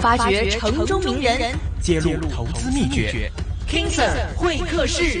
發掘城中名人，人，揭露投資秘訣。King Sir 會客室。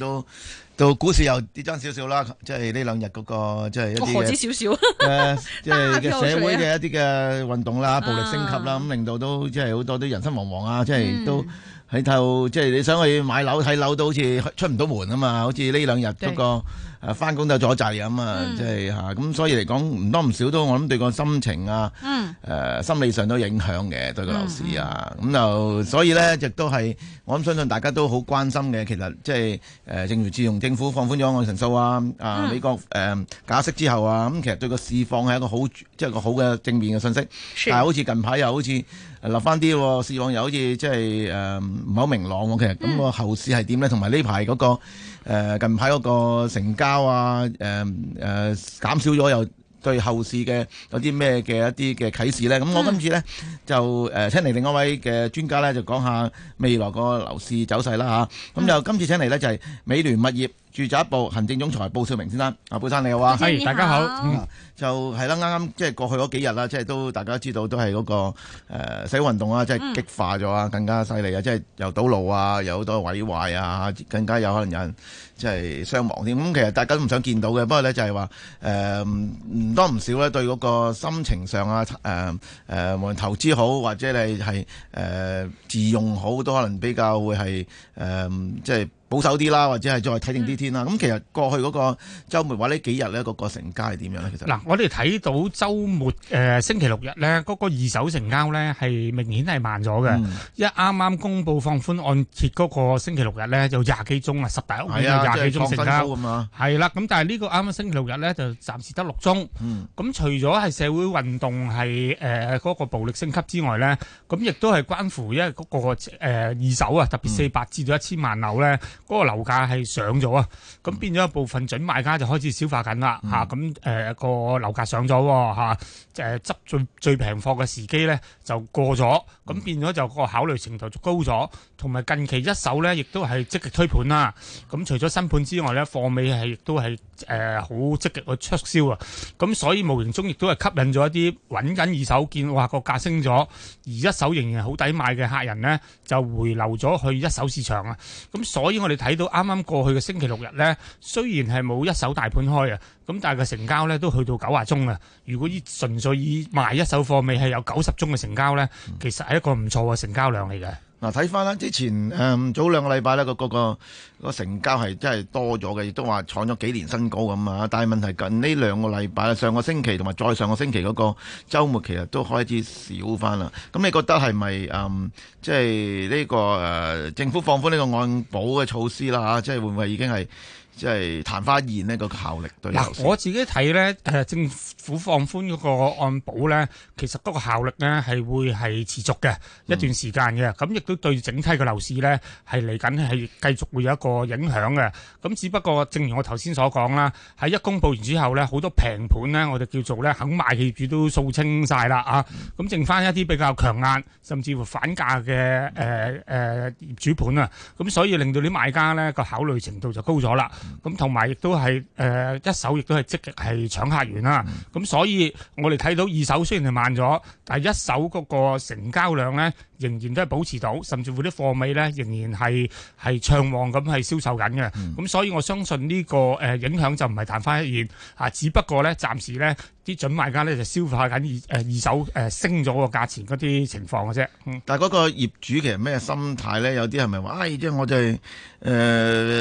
都，都股市又跌咗少少啦，即係呢兩日嗰、嗰個、即係、小小 即係一啲嘅，即係嘅社會嘅一啲嘅運動啦，暴力升級啦，咁、啊、令到都即係好多都人心惶惶啊！即係都喺度，嗯、即係你想去買樓睇樓都好似出唔到門啊嘛！好似呢兩日嗰、嗰個。啊，翻工都有阻滯啊嘛，即係咁，所以嚟講唔多唔少都，我諗對個心情啊，誒、嗯呃、心理上都影響嘅對個樓市啊，咁、嗯、就、嗯、所以咧，亦都係我諗相信大家都好關心嘅。其實即係誒，正如自從政府放寬咗按揭成數啊、啊、呃嗯、美國誒、呃、加息之後啊，咁其實對個釋放係一個好即係、就是、個好嘅正面嘅信息。但係好似近排又好似立翻啲，釋、呃、放又好似即係誒唔係好明朗喎。其實咁、就是呃啊嗯那個後市係點咧？同埋呢排嗰個。誒近排嗰個成交啊，誒、嗯、誒、呃、減少咗又對後市嘅有啲咩嘅一啲嘅啟示咧？咁我今次咧、嗯、就誒請嚟另外一位嘅專家咧，就講下未來個樓市走勢啦、啊、吓，咁就今次請嚟咧就係、是、美聯物業。住宅部行政總裁布少明先生，阿布生，布生你好、啊，係、hey, 大家好， 就係啦，啱啱即係過去嗰幾日啦，即係都大家都知道，都係嗰、那個誒，洗、呃、運動啊，即係激化咗啊，更加犀利啊，即、嗯、係、就是、又堵路啊，有好多毀壞啊，更加有可能有人即係傷亡添。咁、嗯、其實大家唔想見到嘅，不過咧就係話誒唔多唔少咧，對嗰個心情上啊，誒、呃、誒、呃，無論投資好或者你係誒自用好，都可能比較會係誒即係。呃就是保守啲啦，或者係再睇定啲天啦。咁其實過去嗰個週末話呢幾日咧，嗰個成交係點樣咧？其實嗱，我哋睇到週末誒星期六日咧，嗰個二手成交咧係明顯係慢咗嘅。一啱啱公布放寬按揭嗰個星期六日咧，就有廿幾宗啊，十大屋苑都廿幾宗成交。係啦，咁但係呢個啱啱星期六日咧，就暫時得六宗。咁除咗係社會運動係誒嗰個暴力升級之外咧，咁亦都係關乎因為嗰個誒二手啊，特別四百至到一千萬樓咧。嗰、那個樓價係上咗啊，咁變咗一部分準買家就開始消化緊啦嚇，咁、嗯、誒、啊呃那個樓價上咗，即係執最最平貨嘅時機咧就過咗，咁變咗就個考慮程度就高咗，同埋近期一手咧亦都係積極推盤啦，咁除咗新盤之外咧，貨尾係亦都係。誒好積極嘅出銷啊！咁所以無形中亦都係吸引咗一啲揾緊二手見，哇個價升咗，而一手仍然好抵買嘅客人咧，就回流咗去一手市場啊！咁所以我哋睇到啱啱過去嘅星期六日咧，雖然係冇一手大盤開啊，咁但係個成交咧都去到九啊宗啊。如果以純粹以賣一手貨，未係有九十宗嘅成交咧，其實係一個唔錯嘅成交量嚟嘅。嗱，睇翻啦，之前誒早、嗯、兩個禮拜咧個個個成交係真係多咗嘅，亦都話創咗幾年新高咁啊！但係問題近呢兩個禮拜、上個星期同埋再上個星期嗰個週末，其實都開始少翻啦。咁你覺得係咪誒，即係呢個誒、呃、政府放寬呢個按保嘅措施啦、嚇？即係會唔會已經係？即係談花現咧個效力，對，嗱，我自己睇咧，誒，政府放寬嗰個按保咧，其實嗰個效力咧係會係持續嘅一段時間嘅，咁亦都對整體嘅樓市咧係嚟緊係繼續會有一個影響嘅。咁只不過正如我頭先所講啦，喺一公佈完之後咧，好多平盤咧，我哋叫做咧肯賣業主都掃清曬啦啊，咁剩翻一啲比較強硬甚至乎反價嘅誒誒業主盤啊，咁所以令到啲買家咧個考慮程度就高咗啦。咁同埋亦都係誒一手，亦都係積極係搶客源啦。咁所以我哋睇到二手雖然係慢咗，但係一手嗰個成交量咧，仍然都係保持到，甚至乎啲貨尾咧仍然係係暢旺咁係銷售緊嘅。咁所以我相信呢個誒影響就唔係曇花一現啊，只不過咧暫時咧。啲準買家咧就消化緊二誒二手誒升咗個價錢嗰啲情況嘅啫。嗯，但係嗰個業主其實咩心態咧？有啲係咪話，哎，即係我就係、是、誒、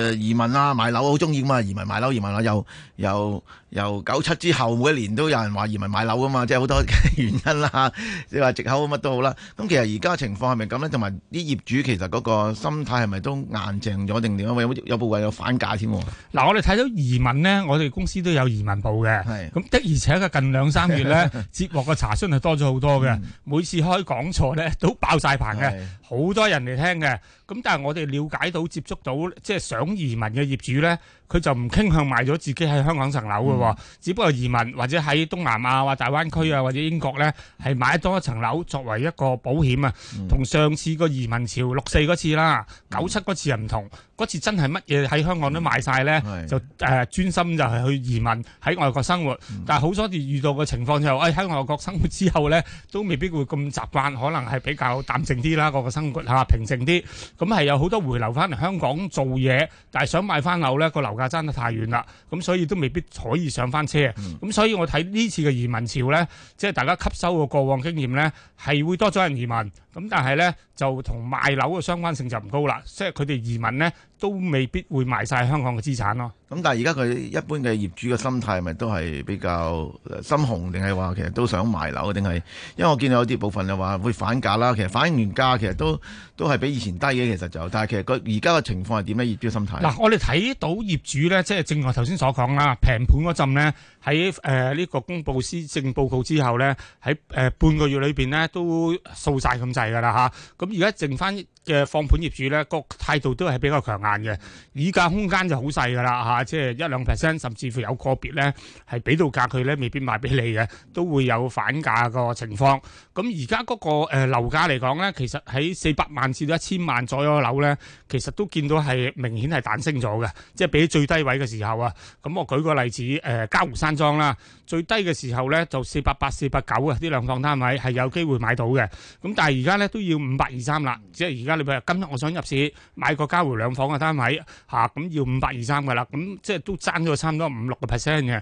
呃、移民啊，買樓好中意噶嘛，移民買樓移民啊，又又。由九七之後，每一年都有人話移民買樓噶嘛，即係好多原因啦。即係話藉口乜都好啦。咁其實而家情況係咪咁咧？同埋啲業主其實嗰個心態係咪都硬淨咗定點？因有有部位有反價添。嗱，我哋睇到移民呢，我哋公司都有移民部嘅。咁的而且確近兩三月咧， 接獲嘅查詢係多咗好多嘅、嗯。每次開講座咧，都爆晒棚嘅，好多人嚟聽嘅。咁但係我哋了解到接觸到即係想移民嘅業主咧，佢就唔傾向賣咗自己喺香港層樓只不過移民或者喺東南亞或大灣區啊，或者英國呢係買多一層樓作為一個保險啊。同上次個移民潮六四嗰次啦，九七嗰次又唔同，嗰次真係乜嘢喺香港都賣晒呢，就誒專心就係去移民喺外國生活。但係好多時遇到嘅情況就，誒、哎、喺外國生活之後呢，都未必會咁習慣，可能係比較淡靜啲啦，個個生活吓平靜啲。咁係有好多回流翻嚟香港做嘢，但係想買翻樓呢，個樓價爭得太遠啦，咁所以都未必可以。上翻車，咁所以我睇呢次嘅移民潮呢，即係大家吸收嘅過往經驗呢，係會多咗人移民。咁但係呢，就同賣樓嘅相關性就唔高啦。即係佢哋移民呢，都未必會賣晒香港嘅資產咯、啊。咁但係而家佢一般嘅業主嘅心態，咪都係比較心雄，定係話其實都想賣樓，定係？因為我見到有啲部分就話會反價啦。其實反完價，其實都都係比以前低嘅。其實就，但係其實個而家嘅情況係點咧？業主嘅心態嗱，我哋睇到業主咧，即係正如頭先所講啦，平盤嗰陣呢，喺呢、呃呢個公佈施政報告之後呢，喺、呃、半個月裏面呢，都掃晒咁滯㗎啦吓，咁而家剩翻嘅放盤業主呢，個態度都係比較強硬。嘅議價空間就好細㗎啦嚇，即係一兩 percent，甚至乎有個別咧係俾到價佢咧，未必賣俾你嘅，都會有反價個情況。咁而家嗰個誒樓價嚟講咧，其實喺四百萬至到一千萬左右嘅樓咧，其實都見到係明顯係彈升咗嘅，即係俾最低位嘅時候啊。咁我舉個例子誒，嘉湖山莊啦，最低嘅時候咧就四百八四百九啊，啲兩房單位係有機會買到嘅。咁但係而家咧都要五百二三啦，即係而家你譬如今日我想入市買個嘉湖兩房啊。單位吓，咁、啊、要五百二三噶啦，咁、嗯、即係都爭咗差唔多五六個 percent 嘅。咁、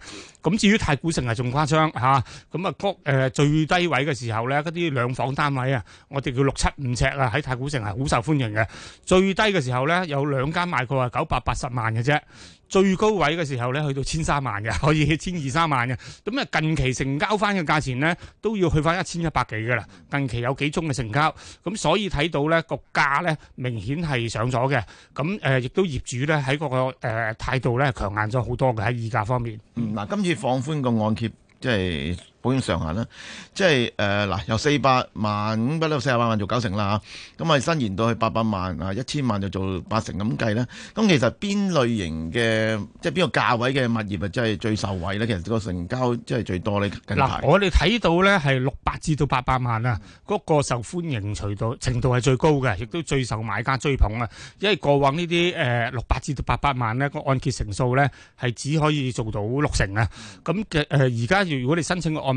嗯、至於太古城係仲誇張吓，咁啊，誒、嗯啊、最低位嘅時候咧，嗰啲兩房單位啊，我哋叫六七五尺啊，喺太古城係好受歡迎嘅。最低嘅時候咧，有兩間賣過係九百八十萬嘅啫。最高位嘅時候咧，去到千三萬嘅，可以千二三萬嘅。咁啊，近期成交翻嘅價錢咧，都要去翻一千一百幾嘅啦。近期有幾宗嘅成交，咁所以睇到咧個價咧明顯係上咗嘅。咁、呃、誒，亦都業主咧喺嗰個誒、呃、態度咧強硬咗好多嘅喺議價方面。嗯，嗱、啊，今次放寬個按揭即係。保險上限啦，即係誒嗱，由四百萬咁不嬲四百萬做九成啦吓，咁啊伸延到去八百萬啊一千萬就做八成咁計咧。咁其實邊類型嘅即係邊個價位嘅物業啊，即係最受惠咧？其實個成交即係最多咧。嗱，我哋睇到咧係六百至到八百萬啊，嗰、那個受歡迎到程度程度係最高嘅，亦都最受買家追捧啊。因為過往呢啲誒六百至到八百萬咧、那個按揭成數咧係只可以做到六成啊。咁嘅誒而家如果你申請個案。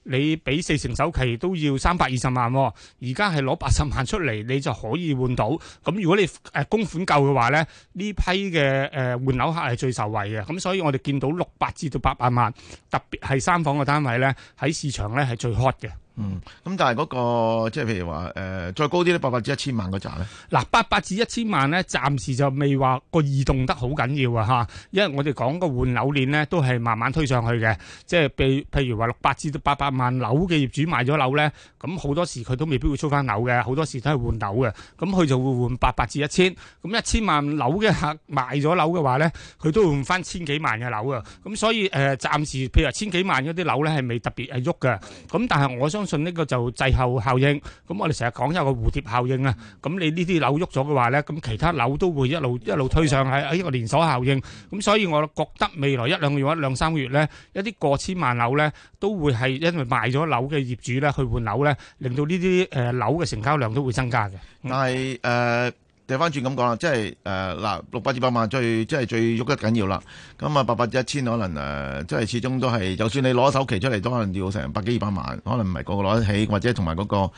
你俾四成首期都要三百二十萬喎，而家係攞八十萬出嚟，你就可以換到。咁如果你供款夠嘅話呢，呢批嘅誒換樓客係最受惠嘅。咁所以我哋見到六百至到八百萬，特別係三房嘅單位呢，喺市場呢係最 hot 嘅。嗯，咁但係嗰、那個即係譬如話誒、呃，再高啲咧，八百至一千萬嗰紮咧，嗱，八百至一千萬咧，暫時就未話個移動得好緊要啊吓，因為我哋講個換樓鏈咧，都係慢慢推上去嘅，即係譬譬如話六百至到八百萬樓嘅業主賣咗樓咧，咁好多時佢都未必會租翻樓嘅，好多時都係換樓嘅，咁佢就會換八百至一千，咁一千萬樓嘅客賣咗樓嘅話咧，佢都換翻千幾萬嘅樓啊，咁所以誒，暫、呃、時譬如千幾萬嗰啲樓咧，係未特別係喐嘅，咁但係我想。相信呢個就滯後效應，咁我哋成日講有一個蝴蝶效應啊，咁你呢啲樓喐咗嘅話咧，咁其他樓都會一路一路推上係喺一個連鎖效應，咁所以我覺得未來一兩個月或者兩三個月咧，一啲過千萬樓咧都會係因為賣咗樓嘅業主咧去換樓咧，令到呢啲誒樓嘅成交量都會增加嘅。係誒。掉翻轉咁講啦，即係誒嗱，六百至八百萬最即係最喐得緊要啦。咁啊八百至一千可能誒、呃，即係始終都係，就算你攞首期出嚟，都可能要成百幾二百萬，可能唔係個個攞得起，或者同埋嗰個。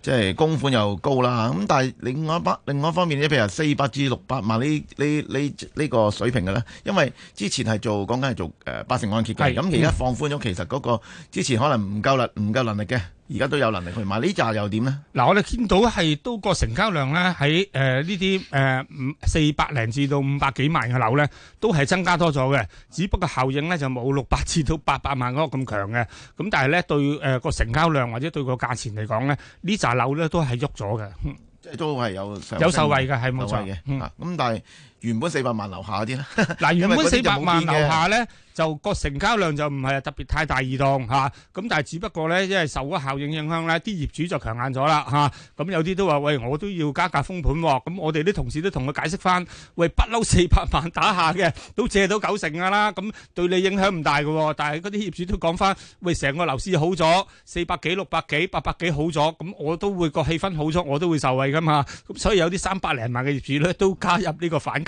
即係供款又高啦，咁但係另外一另外一方面，即譬如四百至六百萬呢？呢呢個水平嘅咧，因為之前係做講緊係做八成按揭嘅，咁而家放寬咗，其實嗰個之前可能唔夠力唔夠能力嘅，而家都有能力去買呢紮又點咧？嗱，我哋見到係都個成交量咧喺誒呢啲誒五四百零至到五百幾萬嘅樓咧，都係增加多咗嘅，只不過效應咧就冇六百至到八百萬嗰個咁強嘅，咁但係咧對誒個成交量或者對個價錢嚟講咧呢紮。樓咧都係喐咗嘅，即係、嗯、都係有有受惠嘅，係冇錯嘅。咁、嗯、但係。原本四百萬樓下嗰啲咧，嗱原本四百萬樓下咧，就個成交量就唔係特別太大移動嚇，咁但係只不過咧，因為受個效應影響咧，啲業主就強硬咗啦嚇，咁有啲都話喂，我都要加價封盤喎，咁我哋啲同事都同佢解釋翻，喂不嬲四百萬打下嘅都借到九成㗎啦，咁對你影響唔大㗎喎，但係嗰啲業主都講翻，喂成個樓市好咗，四百幾六百幾八百幾好咗，咁我都會個氣氛好咗，我都會受惠㗎嘛，咁所以有啲三百零萬嘅業主咧都加入呢個反。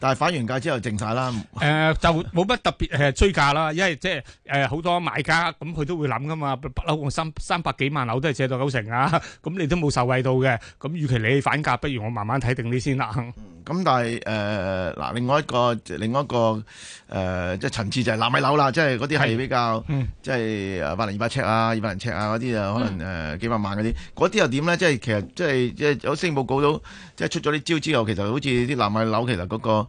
但係反完價之後靜晒啦。誒就冇乜特別係追價啦，因為即係誒好多買家咁佢都會諗噶嘛，不不嬲我三三百幾萬樓都係借到九成啊，咁你都冇受惠到嘅。咁與其你反價，不如我慢慢睇定啲先啦。咁但係誒嗱，另外一個另外一個誒即係層次就係納米樓啦，即係嗰啲係比較即係百零二百尺啊、二百零尺啊嗰啲啊，可能誒幾百萬嗰啲，嗰啲又點咧？即係其實即係即係有新聞報到，即係出咗啲招之後，其實好似啲納米樓其實嗰個。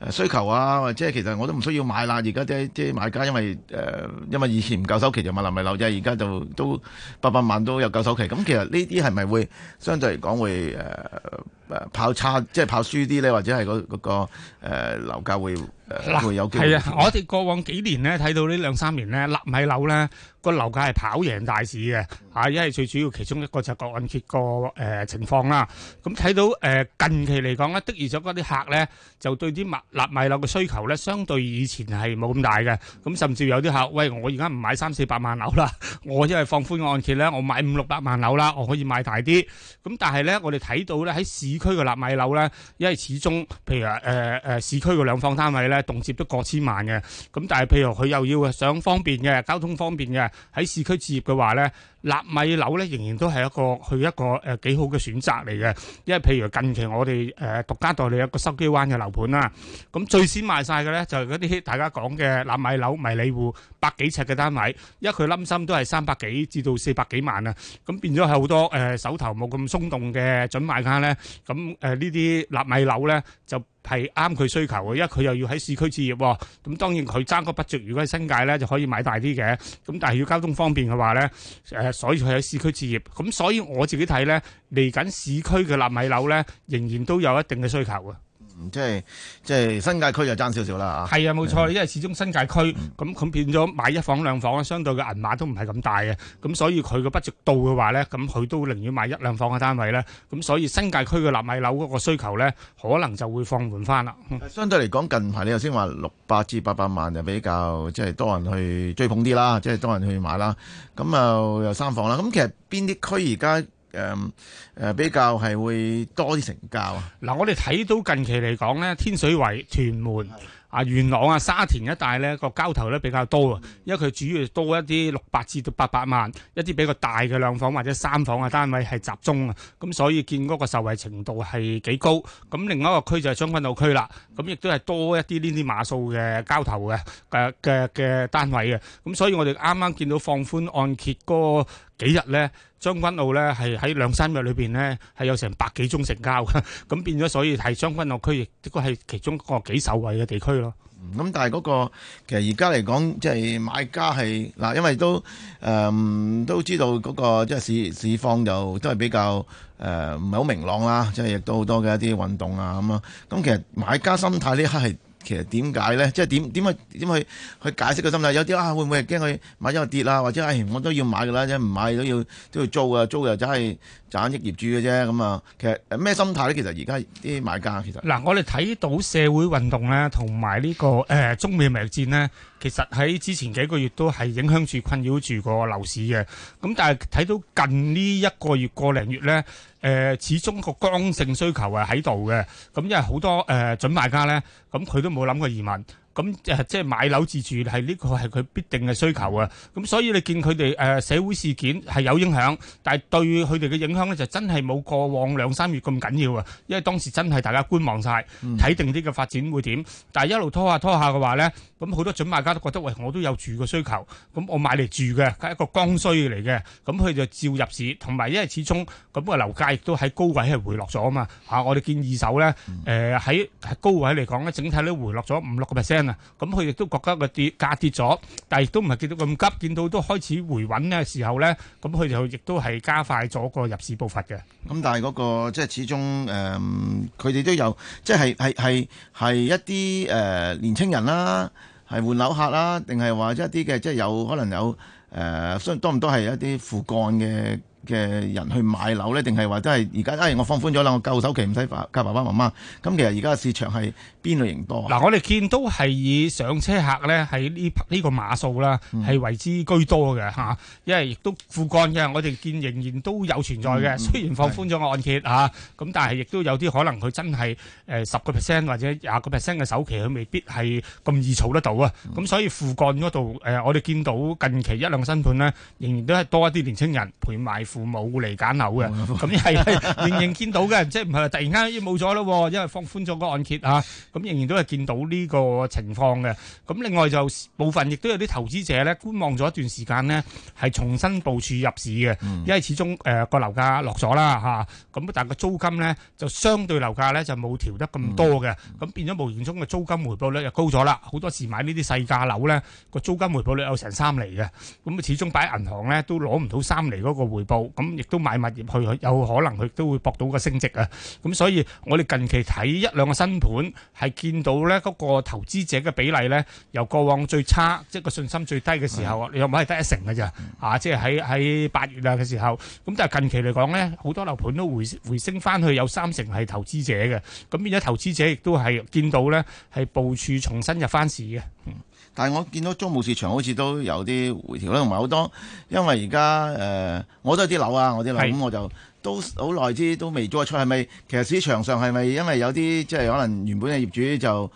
誒需求啊，或者其實我都唔需要買啦。而家即即係買家，因為誒，因為以前唔夠首期就買納米樓啫，而家就都八百萬都有夠首期。咁其實呢啲係咪會相對嚟講會誒誒跑差，即係跑輸啲咧，或者係嗰嗰個誒樓價會會有機會？係啊！我哋過往幾年咧睇到呢兩三年咧，納米樓咧個樓價係跑贏大市嘅嚇，因為最主要其中一個就係個按揭個誒情況啦。咁睇到誒近期嚟講咧，的而且確啲客咧就對啲物。納米樓嘅需求咧，相對以前係冇咁大嘅，咁甚至有啲客，喂，我而家唔買三四百萬樓啦，我因為放寬個按揭咧，我買五六百萬樓啦，我可以買大啲。咁但係咧，我哋睇到咧喺市區嘅納米樓咧，因為始終譬如誒誒、呃呃，市區嘅兩房單位咧，動輒都過千萬嘅。咁但係譬如佢又要想方便嘅，交通方便嘅，喺市區置業嘅話咧。納米樓咧，仍然都係一個去一個誒幾好嘅選擇嚟嘅，因為譬如近期我哋誒獨家代理一個筲箕灣嘅樓盤啦，咁最先賣晒嘅咧就係嗰啲大家講嘅納米樓迷你戶百幾尺嘅單位，因為佢冧心都係三百幾至到四百幾萬啊，咁變咗係好多誒手頭冇咁鬆動嘅準買家咧，咁誒呢啲納米樓咧就。係啱佢需求嘅，因為佢又要喺市區置業，咁當然佢爭個筆著，如果係新界呢，就可以買大啲嘅，咁但係要交通方便嘅話呢，誒，所以佢喺市區置業，咁所以我自己睇呢，嚟緊市區嘅納米樓呢，仍然都有一定嘅需求嘅。即係即係新界區就爭少少啦吓，係啊冇錯，因為始終新界區咁佢變咗買一房兩房相對嘅銀碼都唔係咁大嘅，咁所以佢個不值 d 到嘅話咧，咁佢都寧願買一兩房嘅單位咧，咁所以新界區嘅納米樓嗰個需求咧，可能就會放緩翻啦。相對嚟講，近排你頭先話六百至八百萬就比較即係、就是、多人去追捧啲啦，即、就、係、是、多人去買啦，咁啊又三房啦，咁其實邊啲區而家？誒、嗯、誒、呃，比較係會多啲成交啊！嗱、嗯嗯，我哋睇到近期嚟講咧，天水圍、屯門啊、元朗啊、沙田一帶呢個交投呢比較多啊，因為佢主要多一啲六百至到八百萬，一啲比較大嘅兩房或者三房嘅單位係集中啊，咁所以見嗰個受惠程度係幾高。咁另外一個區就係將軍澳區啦，咁亦都係多一啲呢啲碼數嘅交投嘅誒嘅嘅單位嘅，咁所以我哋啱啱見到放寬按揭嗰幾日咧？將軍澳咧係喺兩三日裏邊咧係有成百幾宗成交嘅，咁變咗所以係將軍澳區域，的確係其中一個幾受惠嘅地區咯。咁但係嗰個其實而家嚟講，即係買家係嗱，因為都誒都知道嗰個即係市市況就都係比較誒唔係好明朗啦，即係亦都好多嘅一啲運動啊咁啦。咁其實買家心態呢刻係。其實點解咧？即係點點去點去去解釋個心態？有啲啊，會唔會係驚佢買咗後跌啊？或者唉、哎，我都要買嘅啦，即係唔買都要都要租啊，租又真係盞益業主嘅啫咁啊！其實咩、呃、心態咧？其實而家啲買家其實嗱，我哋睇到社會運動咧，同埋呢個誒、呃、中美貿易戰咧。其實喺之前幾個月都係影響住、困擾住個樓市嘅。咁但係睇到近呢一個月、過零月呢，誒、呃，始終個剛性需求係喺度嘅。咁因為好多誒、呃、準買家呢，咁佢都冇諗過移民。咁即係買樓自住係呢個係佢必定嘅需求啊！咁所以你見佢哋誒社會事件係有影響，但係對佢哋嘅影響咧就真係冇過往兩三月咁緊要啊！因為當時真係大家觀望晒，睇定啲嘅發展會點。但一路拖下拖下嘅話咧，咁好多準買家都覺得喂，我都有住嘅需求，咁我買嚟住嘅係一個剛需嚟嘅，咁佢就照入市。同埋因為始終咁個樓價亦都喺高位係回落咗啊嘛！我哋見二手咧喺高位嚟講咧，整體都回落咗五六個 percent。咁佢亦都覺得個跌價跌咗，但係亦都唔係見到咁急，見到都開始回穩嘅時候咧，咁佢就亦都係加快咗個入市步伐嘅。咁但係嗰個即係始終誒，佢哋都有即係係係係一啲誒年輕人啦，係換樓客啦，定係話一啲嘅即係有可能有誒，雖然多唔多係一啲副幹嘅嘅人去買樓咧，定係話真係而家唉，我放寬咗啦，我夠首期唔使爸加爸爸媽媽。咁其實而家市場係邊類型多？嗱、啊，我哋見都係以上車客咧，喺、這個、呢呢個碼數啦，係為之居多嘅嚇、嗯啊。因為亦都父幹嘅，我哋見仍然都有存在嘅、嗯。雖然放寬咗個按揭嚇，咁、啊、但係亦都有啲可能佢真係誒十個 percent 或者廿個 percent 嘅首期，佢未必係咁易儲得到、嗯、啊。咁所以父幹嗰度我哋見到近期一兩個新盤呢，仍然都係多一啲年輕人陪買，父母嚟揀樓嘅，咁係仍然見到嘅，即係唔係突然間已經冇咗咯？因為放寬咗個按揭嚇，咁仍然都係見到呢個情況嘅。咁、啊嗯嗯嗯、另外就部分亦都有啲投資者咧，觀望咗一段時間呢，係重新部署入市嘅，因為始終誒個、呃、樓價落咗啦嚇，咁、啊、但係個租金呢，就相對樓價咧就冇調得咁多嘅，咁變咗無形中嘅租金回報率又高咗啦。好多時買呢啲細價樓咧，個租金回報率有成三厘嘅，咁始終擺喺銀行咧都攞唔到三厘嗰個回報。咁亦都買物業去，有可能佢都會搏到個升值啊！咁所以，我哋近期睇一兩個新盤，係見到咧嗰個投資者嘅比例咧，由過往最差，即係個信心最低嘅時候，你又唔係得一成㗎咋，嗯？啊，即係喺喺八月啊嘅時候，咁但係近期嚟講咧，好多樓盤都回回升翻去，有三成係投資者嘅，咁變咗投資者亦都係見到咧係部署重新入翻市嘅。但係我見到租務市場好似都有啲回調啦，同埋好多，因為而家誒，我都有啲樓啊，我啲樓咁，我就都好耐之都未租得出，係咪？其實市場上係咪因為有啲即係可能原本嘅業主就誒，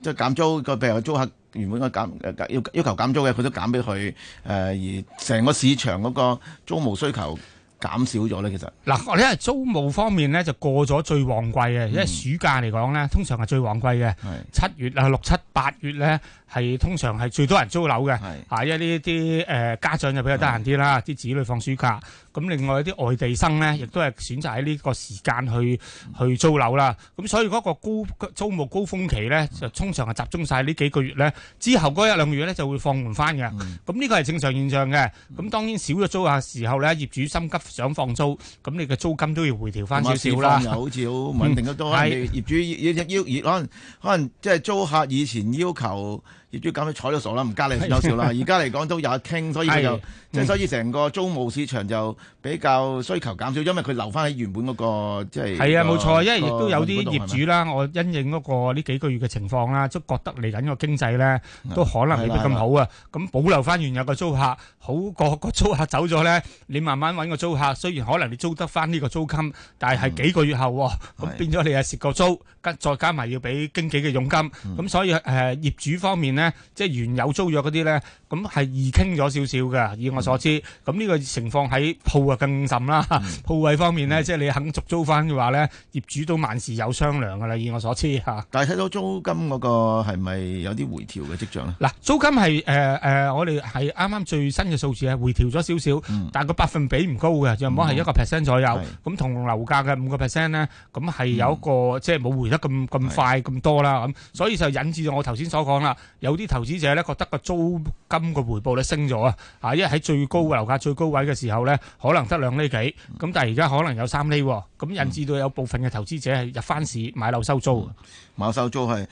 即係減租個，譬如租客原本個減要、呃、要求減租嘅，佢都減俾佢誒，而成個市場嗰個租務需求減少咗咧。其實嗱，你係租務方面咧就過咗最旺季嘅，嗯，因為暑假嚟講咧，通常係最旺季嘅，七月啊六七。八月咧，係通常係最多人租樓嘅，係啊，因為呢啲誒家長就比較得閒啲啦，啲子女放暑假，咁另外一啲外地生咧，亦都係選擇喺呢個時間去去租樓啦。咁所以嗰個高租務高峯期咧，就通常係集中曬呢幾個月咧，之後嗰一兩個月咧就會放緩翻嘅。咁呢個係正常現象嘅。咁當然少咗租客時候咧，業主心急想放租，咁你嘅租金都要調回調翻少少啦。又好似好穩定得多，業主要要可能可能即係租客以前。要求。業主減咗彩都傻啦，唔加你有少少啦。而家嚟講都有得傾，所以就即係所以成個租務市場就比較需求減少，因為佢留翻喺原本嗰個即係係啊，冇錯，因為亦都有啲業主啦。我因應嗰個呢幾個月嘅情況啦，都覺得嚟緊個經濟咧都可能未必咁好啊。咁保留翻原有嘅租客，好過個租客走咗咧，你慢慢揾個租客。雖然可能你租得翻呢個租金，但係係幾個月後咁變咗你又蝕個租，加再加埋要俾經紀嘅佣金。咁所以誒業主方面咧。即係原有租約嗰啲咧。咁係易傾咗少少嘅，以我所知。咁呢個情況喺鋪啊更甚啦。鋪位方面咧，即係你肯續租翻嘅話咧，業主都萬事有商量嘅啦。以我所知嚇。但係睇到租金嗰個係咪有啲回調嘅跡象咧？嗱，租金係誒誒，我哋係啱啱最新嘅數字係，回調咗少少，但係個百分比唔高嘅，就唔好係一個 percent 左右。咁同樓價嘅五個 percent 咧，咁係有個即係冇回得咁咁快咁多啦。咁所以就引致咗我頭先所講啦，有啲投資者咧覺得個租金咁個回報咧升咗啊！啊，因為喺最高樓價最高位嘅時候呢，可能得兩厘幾，咁但係而家可能有三厘，咁引致到有部分嘅投資者係入翻市買樓收租。買收租係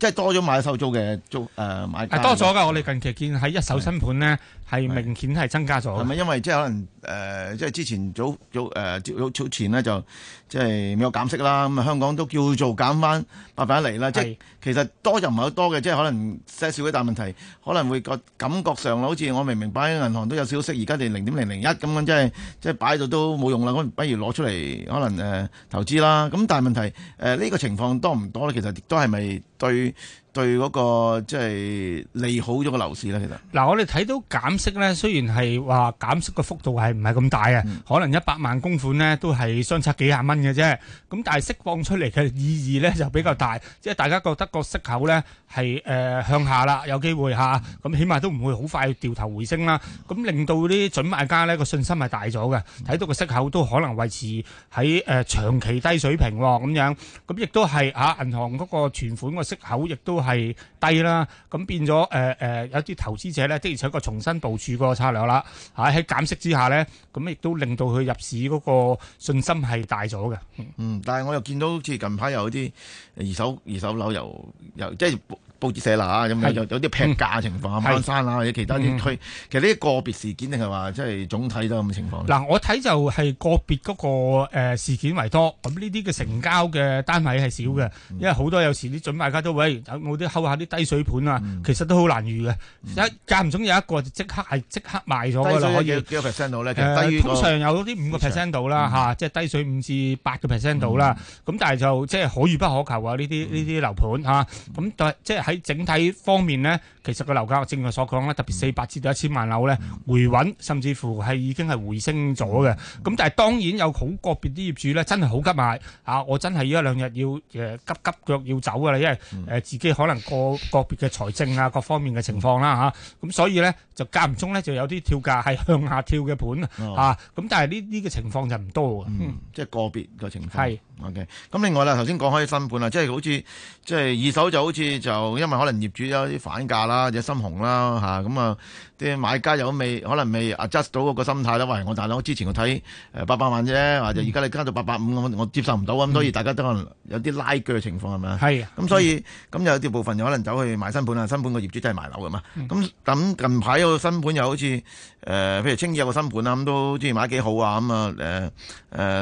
即係多咗買收租嘅租誒、呃、買多咗㗎。我哋近期見喺一手新盤呢，係明顯係增加咗。係咪因為即係可能誒、呃？即係之前早早誒早早前呢，就即係未有減息啦。咁啊，香港都叫做減翻百分一釐啦。即係其實多就唔係好多嘅，即係可能少少一大問題，可能會覺感覺上好似我明明擺喺銀行都有少息，而家就零點零零一咁樣，即係即係擺喺度都冇用啦。不如攞出嚟可能誒、呃、投資啦。咁但係問題誒呢、呃呢個情況多唔多咧？其實亦都係咪對？這個對嗰個即係利好咗個樓市咧，其實嗱，我哋睇到減息咧，雖然係話減息嘅幅度係唔係咁大啊，可能一百萬公款咧都係相差幾廿蚊嘅啫。咁但係釋放出嚟嘅意義咧就比較大，即係大家覺得個息口咧係誒向下啦，有機會嚇，咁起碼都唔會好快掉頭回升啦。咁令到啲準買家咧個信心係大咗嘅，睇到個息口都可能維持喺誒長期低水平喎，咁樣咁亦都係啊銀行嗰個存款個息口亦都。係低啦，咁變咗誒誒有啲投資者咧，即係取個重新部署個策略啦，喺、啊、喺減息之下咧，咁亦都令到佢入市嗰個信心係大咗嘅。嗯，但係我又見到好似近排有啲二手二手樓又又即係。報紙寫啦有有啲劈價嘅情況，馬鞍山啊，或者其他啲區、嗯，其實呢啲個別事件定係話，即、就、係、是、總體都咁嘅情況？嗱，我睇就係個別嗰、那個、呃、事件為多，咁呢啲嘅成交嘅單位係少嘅、嗯，因為好多有時啲準賣家都會、嗯哎、有冇啲 hold 下啲低水盤啊，嗯、其實都好難預嘅、嗯。一間唔中有一個就即刻係即刻賣咗嘅啦，可以幾個 percent 到咧，通常有啲五個 percent 到啦，嚇、嗯嗯啊，即係低水五至八個 percent 到啦。咁、嗯嗯、但係就即係可遇不可求啊！呢啲呢啲樓盤嚇，咁、啊嗯嗯、但係即係。喺整體方面呢，其實個樓價正如所講啦，特別四百至到一千萬樓咧，回穩，甚至乎係已經係回升咗嘅。咁但係當然有好個別啲業主咧，真係好急賣啊！我真係一兩日要誒急急腳要走㗎啦，因為誒自己可能個個別嘅財政啊各方面嘅情況啦嚇。咁所以咧就間唔中咧就有啲跳價係向下跳嘅盤啊。咁但係呢呢個情況就唔多嘅，嗯嗯，即係個別嘅情況。O.K. 咁另外啦，頭先講開新盤啦，即、就、係、是、好似即係二手就好似就因為可能業主有啲反價啦，或者心紅啦咁啊，啲、嗯、買家又未可能未 adjust 到個心態啦，話我大佬之前我睇誒八百萬啫，或者而家你加到八百五我接受唔到咁，所以大家都可能有啲拉鋸嘅情況係咪啊？係。咁所以咁、嗯、有啲部分就可能走去買新盤啦，新盤個業主真係賣樓㗎嘛。咁、嗯、咁近排個新盤又好似誒、呃，譬如青衣有個新盤啦，咁、嗯、都即係買幾好啊咁啊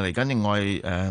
嚟緊另外、呃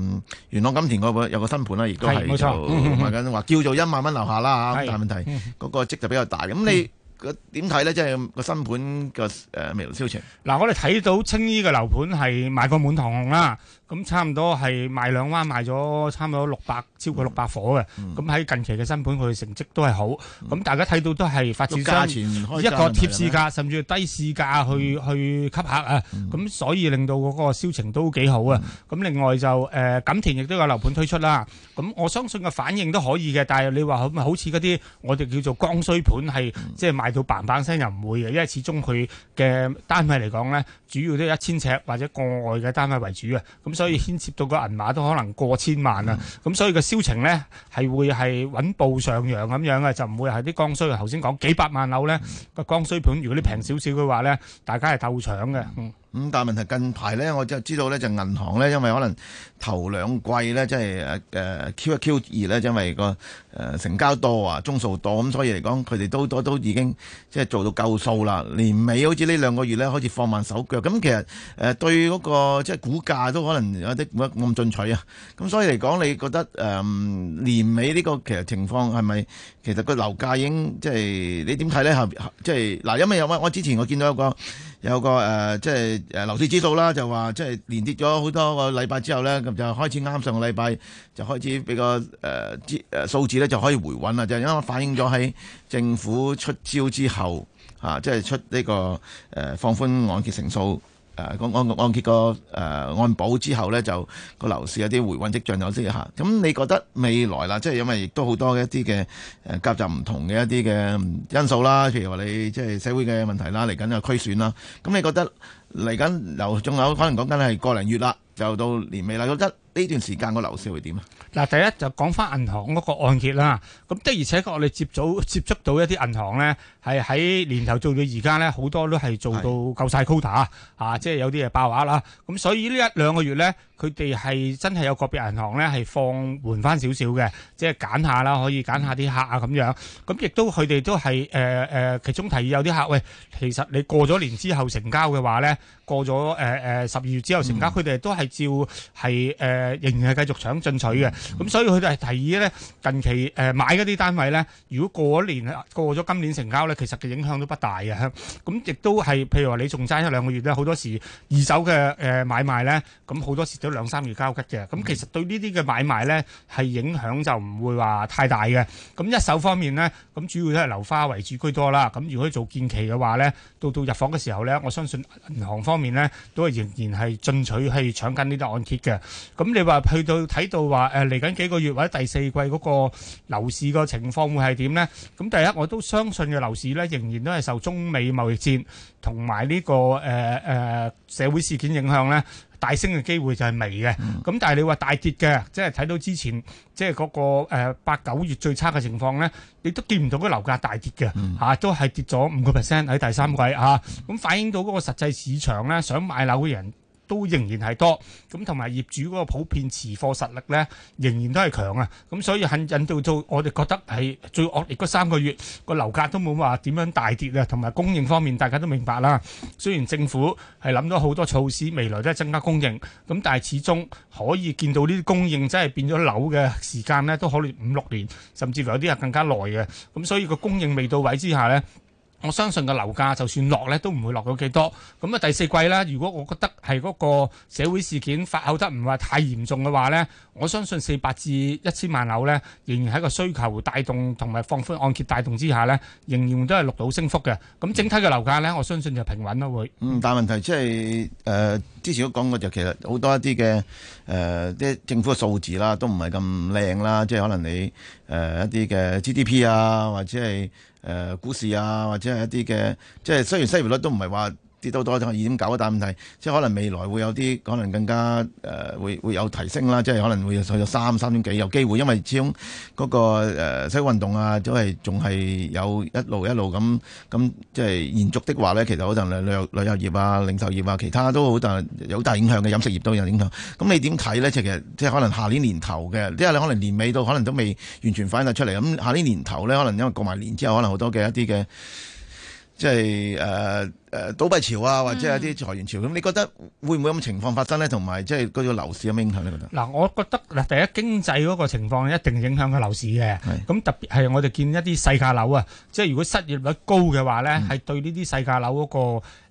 元朗金田個有個新盤啦，亦都係冇錯，同埋緊話叫做一萬蚊樓下啦嚇，但係問題嗰個積就比較大。咁、嗯、你個點睇咧？即係個新盤個誒未來銷情。嗱，我哋睇到青衣嘅樓盤係賣個滿堂紅啦。咁差唔多係賣兩萬賣咗差唔多六百超過六百伙嘅，咁、嗯、喺、嗯、近期嘅新盤佢成績都係好，咁、嗯嗯、大家睇到都係發展商一個貼市價，價，是是貼市價甚至低市價去、嗯、去吸客、嗯、啊，咁所以令到嗰個銷情都幾好啊。咁、嗯嗯、另外就誒、呃、錦田亦都有樓盤推出啦，咁我相信個反應都可以嘅。但係你話好好似嗰啲我哋叫做剛需盤係即係賣到 bang bang 聲又唔會嘅，因為始終佢嘅單位嚟講咧，主要都係一千尺或者過外嘅單位為主嘅，咁。所以牽涉到個銀碼都可能過千萬啊，咁、嗯嗯、所以個銷情呢，係會係穩步上揚咁樣嘅，就唔會係啲剛需。頭先講幾百萬樓呢個剛需盤，如果你平少少嘅話呢，大家係鬥搶嘅，嗯。咁但係問題近排咧，我就知道咧，就銀行咧，因為可能頭兩季咧，即係誒 Q 一 Q 二咧，因為個誒成交多啊，宗數多，咁所以嚟講，佢哋都都都已經即係做到夠數啦。年尾好似呢兩個月咧，開始放慢手腳，咁其實誒對嗰、那個即係、就是、估價都可能有啲冇咁進取啊。咁所以嚟講，你覺得誒、嗯、年尾呢個是是其實情況係咪其實個樓價已經即係、就是、你點睇咧？即係嗱，因為有乜？我之前我見到一個。有個誒，即係誒樓市指數啦，就話即係連跌咗好多個禮拜之後咧，咁就開始啱上個禮拜就開始畀個誒，誒、呃、數字咧就可以回穩啦，就係、因為反映咗喺政府出招之後，嚇、啊，即、就、係、是、出呢、這個誒、呃、放寬按揭成數，啊！按按揭個誒按保之後咧，就個樓市有啲回穩跡象，有啲嚇。咁你覺得未來啦，即係因為亦都好多一啲嘅誒夾雜唔同嘅一啲嘅因素啦。譬如話你即係社會嘅問題啦，嚟緊有區選啦。咁你覺得嚟緊樓仲有可能講緊係個零月啦？就到年尾啦，覺得呢段時間個樓市會點啊？嗱，第一就講翻銀行嗰個按揭啦。咁的而且確我，我哋接早接觸到一啲銀行咧，係喺年頭做到而家咧，好多都係做到夠晒 quota 啊！即係有啲嘢爆額啦。咁所以呢一兩個月咧，佢哋係真係有個別銀行咧係放緩翻少少嘅，即係揀下啦，可以揀下啲客啊咁樣。咁亦都佢哋都係誒、呃呃、其中提議有啲客喂，其實你過咗年之後成交嘅話咧。過咗誒誒十二月之後成交，佢、嗯、哋都係照係誒、呃，仍然係繼續搶進取嘅。咁、嗯嗯、所以佢哋係提議咧，近期誒買嗰啲單位咧，如果過咗年過咗今年成交咧，其實嘅影響都不大嘅。咁亦都係，譬如話你仲爭一兩個月咧，好多時二手嘅誒買賣咧，咁好多時都兩三月交吉嘅。咁、嗯、其實對呢啲嘅買賣咧，係影響就唔會話太大嘅。咁一手方面咧，咁主要都係樓花為主居多啦。咁如果做建期嘅話咧，到到入房嘅時候咧，我相信銀行方面面呢都係仍然係進取，去搶緊呢啲按揭嘅。咁、嗯、你話去到睇到話誒嚟緊幾個月或者第四季嗰個樓市個情況會係點呢？咁、嗯、第一我都相信嘅樓市呢，仍然都係受中美貿易戰。同埋呢個誒誒、呃呃、社會事件影響咧，大升嘅機會就係微嘅。咁但係你話大跌嘅，即係睇到之前即係嗰個八九月最差嘅情況咧，你都見唔到個樓價大跌嘅嚇、啊，都係跌咗五個 percent 喺第三季嚇。咁、啊、反映到嗰個實際市場咧，想買樓嘅人。都仍然係多，咁同埋業主嗰個普遍持貨實力呢，仍然都係強啊！咁所以引引導到我哋覺得係最惡劣嗰三個月個樓價都冇話點樣大跌啊！同埋供應方面，大家都明白啦。雖然政府係諗咗好多措施，未來都係增加供應，咁但係始終可以見到呢啲供應真係變咗樓嘅時間呢，都可能五六年，甚至乎有啲係更加耐嘅。咁所以個供應未到位之下呢。我相信個樓價就算落咧，都唔會落到幾多。咁啊第四季咧，如果我覺得係嗰個社會事件發酵得唔係太嚴重嘅話咧，我相信四百至一千萬樓咧，仍然喺個需求帶動同埋放寬按揭帶動之下咧，仍然都係錄到升幅嘅。咁整體嘅樓價咧，我相信就平穩咯會。嗯，但係問題即係誒之前都講過，就其實好多一啲嘅誒啲政府嘅數字啦，都唔係咁靚啦。即係可能你誒、呃、一啲嘅 GDP 啊，或者係。誒、呃、股市啊，或者係一啲嘅，即係雖然失業率都唔係話。跌到多就二點九，但係問題即係可能未來會有啲可能更加誒、呃，會會有提升啦。即係可能會去到三三點幾有機會，因為始終嗰、那個、呃、西運動啊，都係仲係有一路一路咁咁、嗯、即係延續的話咧。其實可能旅遊旅業啊、零售業啊、其他都好大有大影響嘅，飲食業都有影響。咁你點睇咧？即其實即可能下年年頭嘅，因你可能年尾到可能都未完全反映得出嚟。咁下年年頭咧，可能因為過埋年之後，可能好多嘅一啲嘅即係誒。呃誒、呃，倒閉潮啊，或者係啲裁員潮，咁、嗯、你覺得會唔會咁情況發生呢？同埋即係嗰個樓市有咩影響呢？嗱，我覺得嗱，第一經濟嗰個情況一定影響個樓市嘅。咁特別係我哋見一啲細價樓啊，即係如果失業率高嘅話呢，係、嗯、對呢啲細價樓嗰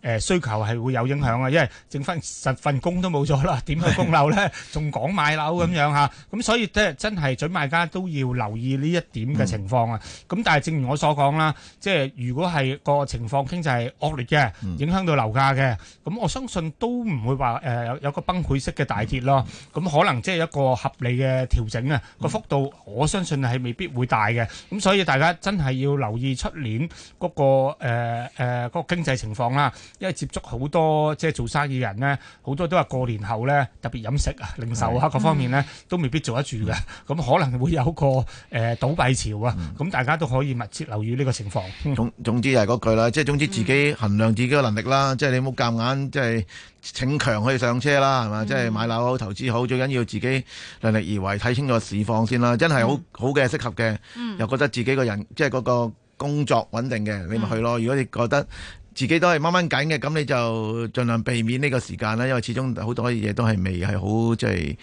個誒需求係會有影響啊，因為剩翻十份工都冇咗啦，點去供樓呢？仲講買樓咁樣吓，咁、嗯嗯、所以即係真係準買家都要留意呢一點嘅情況啊。咁、嗯、但係正如我所講啦，即係如果係個情況經濟係惡劣嘅。嗯、影響到樓價嘅，咁我相信都唔會話誒、呃、有有個崩潰式嘅大跌咯，咁、嗯嗯、可能即係一個合理嘅調整啊，個、嗯、幅度我相信係未必會大嘅，咁所以大家真係要留意出年嗰、嗰個誒誒、呃呃嗰個經濟情況啦，因為接觸好多即係做生意嘅人呢，好多都話過年後呢，特別飲食啊、零售啊各、嗯、方面呢都未必做得住嘅，咁、嗯、可能會有個誒、呃、倒閉潮啊，咁、嗯、大家都可以密切留意呢個情況、嗯。總總之又係嗰句啦，即係總之自己衡量自己嘅能力啦，即係你冇夾硬，硬，即係逞強去上車啦，係嘛、嗯？即係買樓好，投資好，最緊要自己量力而為，睇清楚市況先啦。真係好好嘅、嗯、適合嘅，又覺得自己個人、嗯、即係嗰個工作穩定嘅，你咪去咯、嗯。如果你覺得自己都係掹掹緊嘅，咁你就儘量避免呢個時間啦，因為始終好多嘢都係未係好即係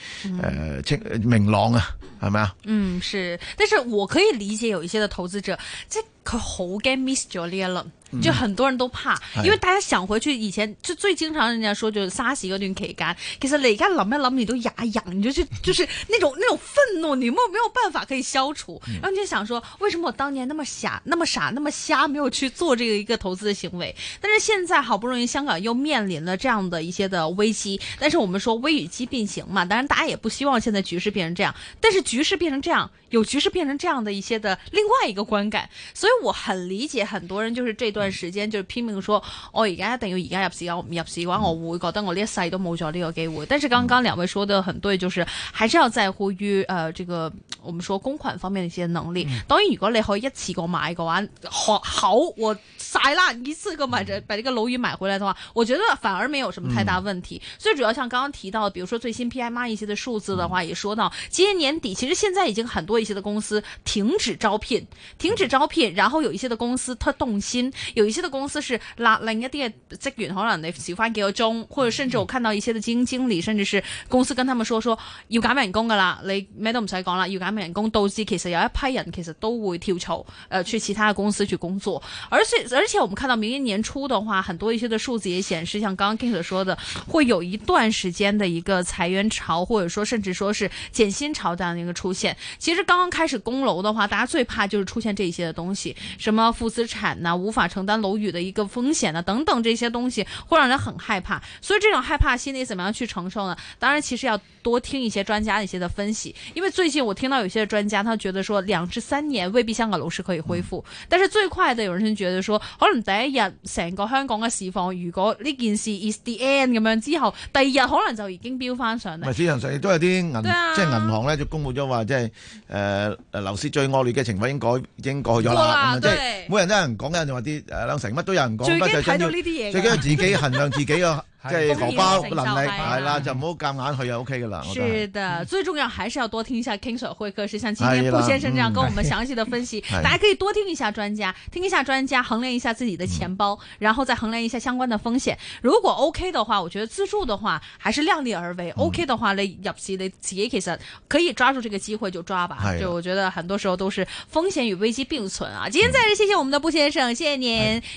誒清明朗啊，係咪啊？嗯是，但是我可以理解有一些嘅投資者，即。可好該 miss 咗呢了。就很多人都怕，嗯、因為大家想回去、哎、以前就最經常人家說就是沙士嗰段期間。其實你家老咩老咩都牙癢，你就去，就是那種那種憤怒，你冇沒有辦法可以消除。嗯、然後你就想說，為什麼我當年那麼傻、那麼傻、那麼瞎，麼瞎沒有去做這個一個投資的行為？但是現在好不容易香港又面臨了這樣的一些的危機，但是我們說危與機并行嘛。當然大家也不希望現在局勢變成這樣，但是局勢變成這樣，有局勢變成這樣的一些的另外一個觀感，所以。我很理解很多人就是這段時間就是拼命說，嗯、哦，而家等於而家入市啊，唔入市嘅話，我會覺得我呢一世都冇咗呢個機會。但是剛剛兩位說的很對，就是還是要在乎於呃，這個我們說供款方面的一些能力。嗯、當然，如果你可以一次過買嘅話，好，好，我晒爛，一次過買着、嗯，把這個樓宇買回來的話，我覺得反而沒有什麼太大問題。最、嗯、主要像剛剛提到，比如說最新 PMI 一些的數字的話、嗯，也說到今年年底，其實現在已經很多一些的公司停止招聘，停止招聘，然然後有一些的公司它動心，有一些的公司是拉另一啲職員，可能你少返幾個鐘，或者甚至我看到一些的基金經理，甚至是公司跟他們說說要減人工噶啦，你咩都唔使講啦，要減人工，導致其實有一批人其實都會跳槽，呃去其他的公司去、呃、去其他的公司去工作。而且而且我們看到明年年初的話，很多一些的數字也顯示，像剛剛 King 所說的，會有一段時間的一個裁員潮，或者說甚至說是減薪潮這樣的一個出現。其實剛剛開始供樓的話，大家最怕就是出現這一些的東西。什麼負資產啊，無法承擔樓宇的一個風險啊，等等，這些東西會讓人很害怕，所以這種害怕心理怎麼樣去承受呢？當然，其實要多聽一些專家一些的分析，因為最近我聽到有些專家，他覺得說兩至三年未必香港樓市可以恢復、嗯，但是最快的有人覺得說，可能第一日成個香港嘅市況，如果呢件事 is the end，咁樣之後，第二日可能就已經飆翻上嚟。市場上亦都有啲銀，啊、即銀行咧就公布咗話，即係誒誒樓市最惡劣嘅情況應該已經過已經過去咗啦。啊！即係每人都有人講，有人話啲兩成乜都有人講。最驚睇到呢啲嘢，最重要係自己衡量自己 即係荷包能力大啦，就唔好夾硬去就 O K 噶啦。是的，最重要還是要多聽一下 King Sir 會客室，可是像今天布先生這樣跟我們詳細的分析的，嗯，大家可以多聽一下專家，聽一下專家衡量一下自己的錢包，然後再衡量一下相關的風險。如果 O、OK、K 的話，我覺得自助的話還是量力而為。O、OK、K 的話咧，入市自己其實可以抓住這個機會就抓吧。就我覺得很多時候都是風險與危機並存啊。今天在這，謝謝我們的布先生，謝謝您，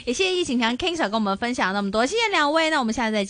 也謝謝易景強 King Sir 跟我們分享了那麼多，謝謝兩位。那我們下次再見。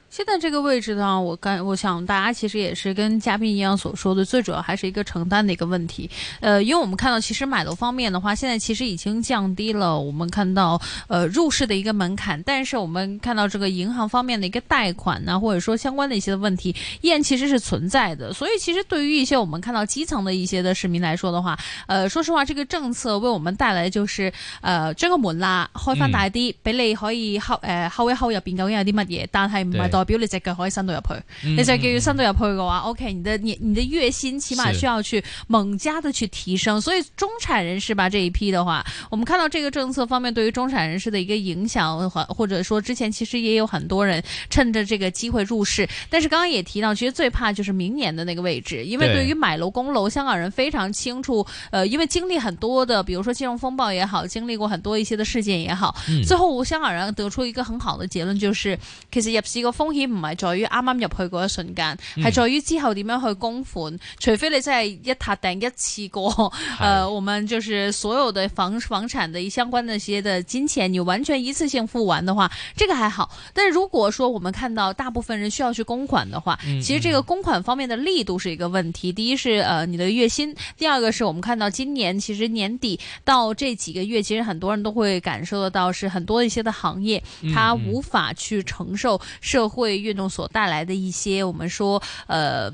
現在這個位置的話，我剛我想大家其實也是跟嘉賓一樣所說的，最主要還是一個承擔的一個問題。呃，因為我們看到，其實買樓方面的話，現在其實已經降低了我們看到呃入市的一個門檻，但是我們看到這個銀行方面的一個貸款呢、啊，或者說相關的一些問題，依然其實是存在的。所以其實對於一些我們看到基層的一些的市民來說的話，呃，說實話，這個政策為我們帶來就是呃這個門罅開翻大啲，俾你可以摳誒摳一摳入邊究竟有啲乜嘢，但係唔比如你隻腳可以伸到入去你就叫伸到入去嘅話，OK，你的你你的月薪起碼需要去猛加的去提升。所以中產人士吧，這一批的話，我們看到這個政策方面對於中產人士的一個影響，或者說之前其實也有很多人趁着這個機會入市。但是剛剛也提到，其實最怕就是明年的那個位置，因為對於買樓供樓，香港人非常清楚。呃，因為經歷很多的，比如說金融風暴也好，經歷過很多一些的事件也好，嗯、最後我香港人得出一個很好的結論，就是其實也不是一個風。風險唔係在於啱啱入去嗰一瞬間，係在於之後點樣去供款。除非你真係一塔訂一次過，呃，我們就是所有的房房產的相關的一些的金錢，你完全一次性付完的話，這個還好。但如果說我們看到大部分人需要去供款的話，其實這個供款方面的力度是一個問題。第一是呃，你的月薪，第二個是我們看到今年其實年底到這幾個月，其實很多人都會感受得到，是很多一些的行業，它無法去承受社會。為運動所帶來的一些，我們說，呃。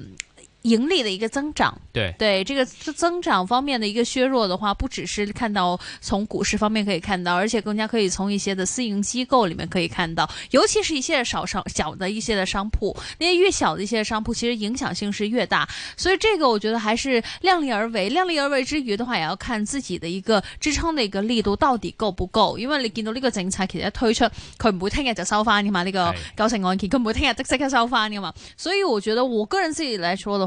盈利的一個增長，對對，這個增長方面的一個削弱的話，不只是看到從股市方面可以看到，而且更加可以從一些的私營機構裏面可以看到，尤其是一些少少小的一些的商鋪，那些越小的一些商鋪，其實影響性是越大。所以這個我覺得還是量力而為，量力而為之餘的話，也要看自己的一個支撐的一個力度到底夠不夠。因為見到呢個政策佢在推出，佢唔會聽日就收返㗎嘛呢個九成按揭，佢唔會聽日即即刻收返㗎嘛。所以我覺得我個人自己來說的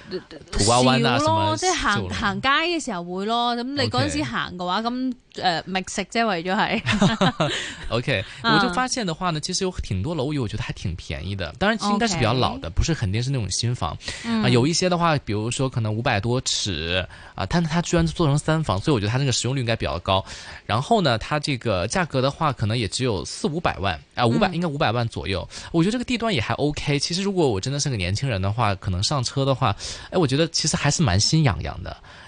土瓜灣咯，什麼即係行行街嘅時候會咯。咁你嗰陣時行嘅話，咁誒覓食啫，為咗係。 OK，我就發現的話呢，其實有挺多樓宇，我覺得還挺便宜的。當然應該是比較老的，okay. 不是肯定是那種新房、嗯。啊，有一些的話，比如說可能五百多尺啊，但係它居然做成三房，所以我覺得它那個使用率應該比較高。然後呢，它這個價格的話，可能也只有四五百萬啊，五百、嗯、應該五百萬左右。我覺得這個地段也還 OK。其實如果我真的是個年輕人的話，可能上車的話。哎，我覺得其實還是蠻心癢癢的。